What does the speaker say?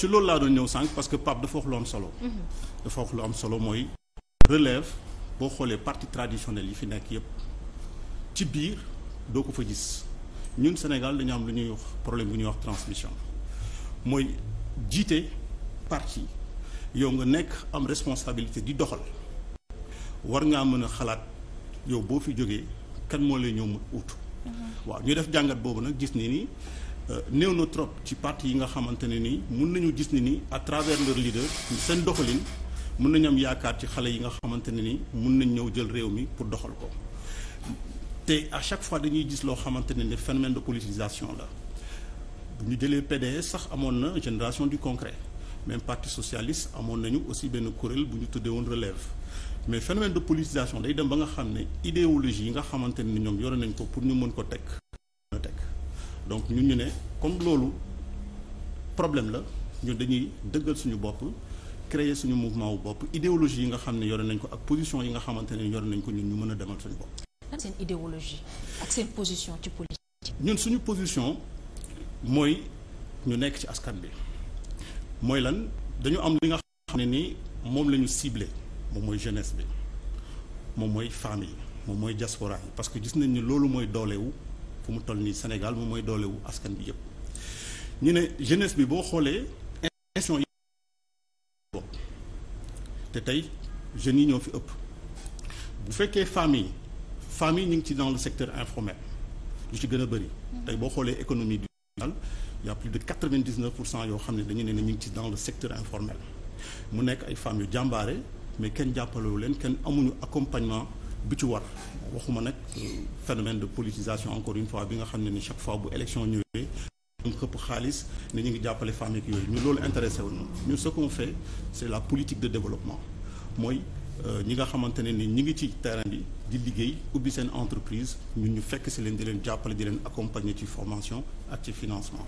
ci loolu laa doon ñëw sànq parce que Pape dafa wax lu am solo. Mhm. dafa wax lu am solo mooy relève boo xoolee partie traditionnel yi fi nekk yépp ci biir doo ko fa gis ñun Sénégal dañu am lu ñuy wax problème bu ñuy wax transmission mooy jiite parti yow nga nekk am responsabilité di doxal war ngaa mën a xalaat yow boo fi jógee kan moo lay ñëw mu ut. Mhm. waaw ñu def jàngat boobu nag gis nii nii Euh, néew na trop ci parti yi nga xamante ne nii mun nañu gis ne nii à travers leur leader seen doxalin mun nañu am yaakaar ci xale yi nga xamante ne nii mun nañ ñëw jël réew mi pour doxal ko te à chaque fois dañuy gis loo xamante ne ni phénomène de politisation la bu ñu jëlee PDS sax amoon na génération du concret même parti socialiste amoon nañu aussi benn kuréel bu ñu tuddee woon relève mais phénomène de politisation day dem ba nga xam ne idéologie yi nga xamante ne ni ñoom yore nañ ko pour ñu mën ko teg donc ñun ñu ne comme loolu problème la ñu dañuy dëggal suñu bopp créer suñu mouvement wu bopp idéologie yi nga xam ne yore nañ ko ak position yi nga xamante ne yore nañ ko ñun ñu mën a demal suñu bopp. lan seen idéologie ak seen position ci politique. ñun suñu position mooy ñu nekk ci askan bi mooy lan dañu am li nga xam ne nii moom lañu ñu moom mooy jeunesse bi moom mooy famille moom mooy diaspora yi parce que gis nañ ni loolu mooy doolewu mu toll nii Sénégal moom mooy doolewu askan bi yëpp ñu ne jeunesse bi boo xoolee institution yi bopp te jeunes yi ñoo fi ëpp bu fekkee famille famille ñu ngi ci dans le secteur informel lu ci gën a bëri tey boo xoolee économie du Sénégal y a plus de quatre-vingt-dix-neuf pour cent yoo xam ne dañu neen ñu ngi ci dans le secteur informel mu nekk ay femmes yu jàmbaare mais kenn jàppalewu leen kenn amuñu accompagnement bi ci war waxuma nag phénomène de politisation encore une fois bi nga xam ne ni chaque fois bu élection ñëwee ñu xëpp xaalis ne ñu ngi jàppale femmes ak yooyu ñu loolu intéressé wu ñu ce qu'on fait c'est la politique de développement mooy euh, ñi nga xamante ne ni ñi ngi ci terrain bi di liggéey ubbi seen entreprise ñun ñu fekk si leen di leen jàppale di leen accompagner ci formation ak ci financement